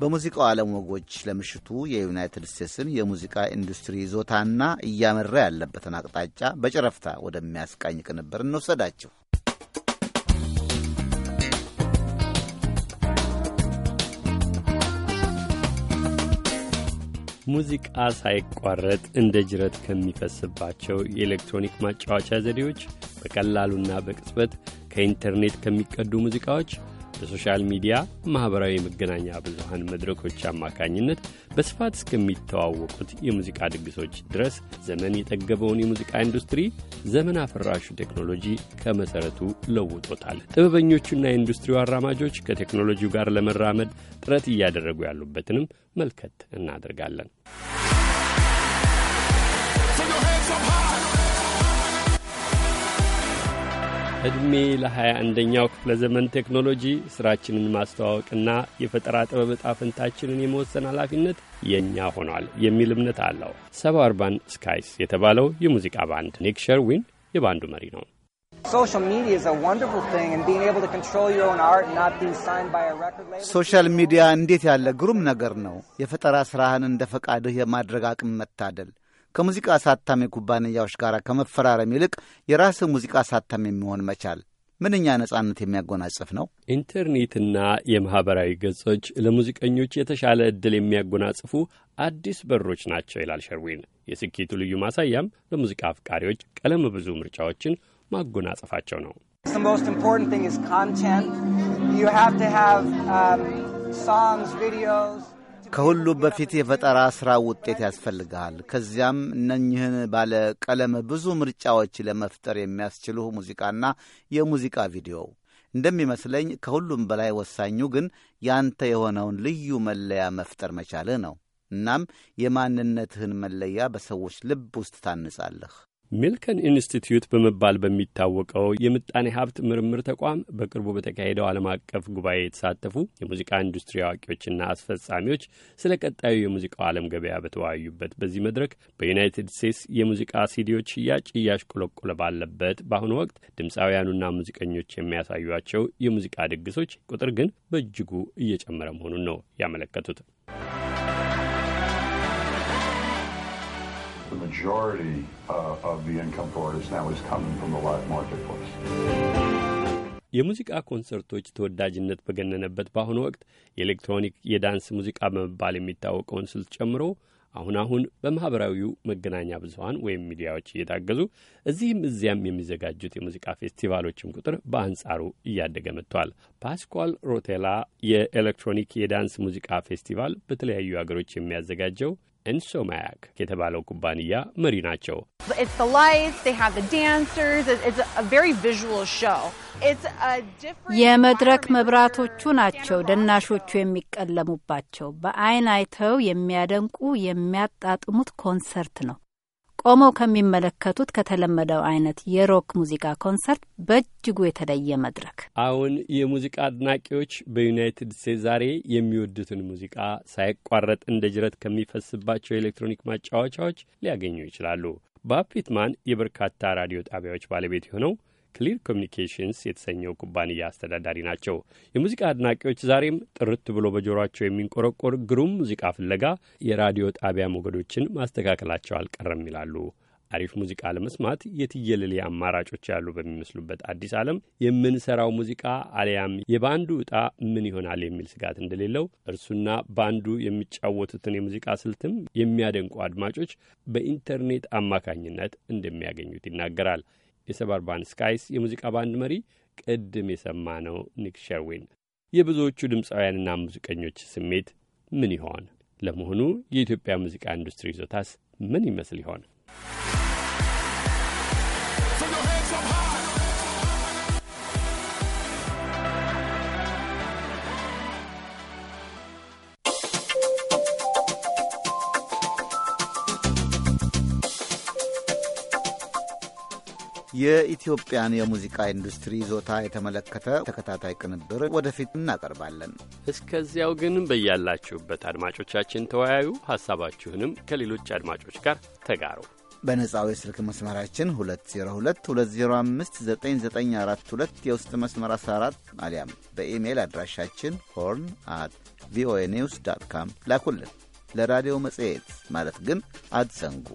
በሙዚቃው ዓለም ወጎች ለምሽቱ የዩናይትድ ስቴትስን የሙዚቃ ኢንዱስትሪ ይዞታና እያመራ ያለበትን አቅጣጫ በጨረፍታ ወደሚያስቃኝ ቅንብር እንወሰዳችሁ። ሙዚቃ ሳይቋረጥ እንደ ጅረት ከሚፈስባቸው የኤሌክትሮኒክ ማጫወቻ ዘዴዎች በቀላሉና በቅጽበት ከኢንተርኔት ከሚቀዱ ሙዚቃዎች በሶሻል ሚዲያ ማኅበራዊ የመገናኛ ብዙሃን መድረኮች አማካኝነት በስፋት እስከሚተዋወቁት የሙዚቃ ድግሶች ድረስ ዘመን የጠገበውን የሙዚቃ ኢንዱስትሪ ዘመን አፈራሹ ቴክኖሎጂ ከመሠረቱ ለውጦታል። ጥበበኞቹና የኢንዱስትሪው አራማጆች ከቴክኖሎጂው ጋር ለመራመድ ጥረት እያደረጉ ያሉበትንም መልከት እናደርጋለን። ዕድሜ ለሀያ አንደኛው ክፍለ ዘመን ቴክኖሎጂ ስራችንን ማስተዋወቅና የፈጠራ ጥበብ ዕጣ ፈንታችንን የመወሰን ኃላፊነት የእኛ ሆኗል የሚል እምነት አለው። ሰብ አርባን ስካይስ የተባለው የሙዚቃ ባንድ ኒክ ሸርዊን የባንዱ መሪ ነው። ሶሻል ሚዲያ እንዴት ያለ ግሩም ነገር ነው! የፈጠራ ሥራህን እንደ ፈቃድህ የማድረግ አቅም መታደል ከሙዚቃ አሳታሚ ኩባንያዎች ጋር ከመፈራረም ይልቅ የራስ ሙዚቃ አሳታሚ የሚሆን መቻል ምንኛ ነጻነት የሚያጎናጽፍ ነው። ኢንተርኔትና የማኅበራዊ ገጾች ለሙዚቀኞች የተሻለ ዕድል የሚያጎናጽፉ አዲስ በሮች ናቸው ይላል ሸርዊን። የስኬቱ ልዩ ማሳያም ለሙዚቃ አፍቃሪዎች ቀለም ብዙ ምርጫዎችን ማጎናጸፋቸው ነው። ኮንቴንት ከሁሉ በፊት የፈጠራ ሥራ ውጤት ያስፈልግሃል። ከዚያም እነኝህን ባለ ቀለም ብዙ ምርጫዎች ለመፍጠር የሚያስችሉ ሙዚቃና የሙዚቃ ቪዲዮ። እንደሚመስለኝ ከሁሉም በላይ ወሳኙ ግን ያንተ የሆነውን ልዩ መለያ መፍጠር መቻልህ ነው። እናም የማንነትህን መለያ በሰዎች ልብ ውስጥ ታንጻለህ። ሚልከን ኢንስቲትዩት በመባል በሚታወቀው የምጣኔ ሀብት ምርምር ተቋም በቅርቡ በተካሄደው ዓለም አቀፍ ጉባኤ የተሳተፉ የሙዚቃ ኢንዱስትሪ አዋቂዎችና አስፈጻሚዎች ስለ ቀጣዩ የሙዚቃው ዓለም ገበያ በተወያዩበት በዚህ መድረክ በዩናይትድ ስቴትስ የሙዚቃ ሲዲዎች ሽያጭ እያሽቆለቆለ ባለበት በአሁኑ ወቅት ድምፃውያኑና ሙዚቀኞች የሚያሳዩቸው የሙዚቃ ድግሶች ቁጥር ግን በእጅጉ እየጨመረ መሆኑን ነው ያመለከቱት። majority uh, of the income for artists now is coming from the live marketplace. የሙዚቃ ኮንሰርቶች ተወዳጅነት በገነነበት በአሁኑ ወቅት የኤሌክትሮኒክ የዳንስ ሙዚቃ በመባል የሚታወቀውን ስልት ጨምሮ አሁን አሁን በማኅበራዊው መገናኛ ብዙሀን ወይም ሚዲያዎች እየታገዙ እዚህም እዚያም የሚዘጋጁት የሙዚቃ ፌስቲቫሎችም ቁጥር በአንጻሩ እያደገ መጥቷል። ፓስኳል ሮቴላ የኤሌክትሮኒክ የዳንስ ሙዚቃ ፌስቲቫል በተለያዩ አገሮች የሚያዘጋጀው ኢንሶማያክ የተባለው ኩባንያ መሪ ናቸው። የመድረክ መብራቶቹ ናቸው ደናሾቹ የሚቀለሙባቸው። በአይን አይተው የሚያደንቁ የሚያጣጥሙት ኮንሰርት ነው። ቆመው ከሚመለከቱት ከተለመደው አይነት የሮክ ሙዚቃ ኮንሰርት በእጅጉ የተለየ መድረክ። አሁን የሙዚቃ አድናቂዎች በዩናይትድ ስቴትስ ዛሬ የሚወዱትን ሙዚቃ ሳይቋረጥ እንደ ጅረት ከሚፈስባቸው የኤሌክትሮኒክ ማጫወቻዎች ሊያገኙ ይችላሉ። ባብ ፒትማን የበርካታ ራዲዮ ጣቢያዎች ባለቤት የሆነው ክሊር ኮሚኒኬሽንስ የተሰኘው ኩባንያ አስተዳዳሪ ናቸው። የሙዚቃ አድናቂዎች ዛሬም ጥርት ብሎ በጆሯቸው የሚንቆረቆር ግሩም ሙዚቃ ፍለጋ የራዲዮ ጣቢያ ሞገዶችን ማስተካከላቸው አልቀረም ይላሉ። አሪፍ ሙዚቃ ለመስማት የትየለሌ አማራጮች ያሉ በሚመስሉበት አዲስ ዓለም የምንሰራው ሙዚቃ አሊያም የባንዱ ዕጣ ምን ይሆናል የሚል ስጋት እንደሌለው እርሱና ባንዱ የሚጫወቱትን የሙዚቃ ስልትም የሚያደንቁ አድማጮች በኢንተርኔት አማካኝነት እንደሚያገኙት ይናገራል። የሰበርባን ስካይስ የሙዚቃ ባንድ መሪ ቅድም የሰማ ነው ኒክ ሸርዊን። የብዙዎቹ ድምፃውያንና ሙዚቀኞች ስሜት ምን ይሆን? ለመሆኑ የኢትዮጵያ ሙዚቃ ኢንዱስትሪ ይዞታስ ምን ይመስል ይሆን? የኢትዮጵያን የሙዚቃ ኢንዱስትሪ ይዞታ የተመለከተ ተከታታይ ቅንብር ወደፊት እናቀርባለን። እስከዚያው ግን በያላችሁበት አድማጮቻችን ተወያዩ፣ ሀሳባችሁንም ከሌሎች አድማጮች ጋር ተጋሩ። በነጻው የስልክ መስመራችን 2022059942 የውስጥ መስመር 14 አሊያም በኢሜይል አድራሻችን ሆርን አት ቪኦኤ ኒውስ ዳት ካም ላኩልን። ለራዲዮ መጽሔት ማለት ግን አትዘንጉ።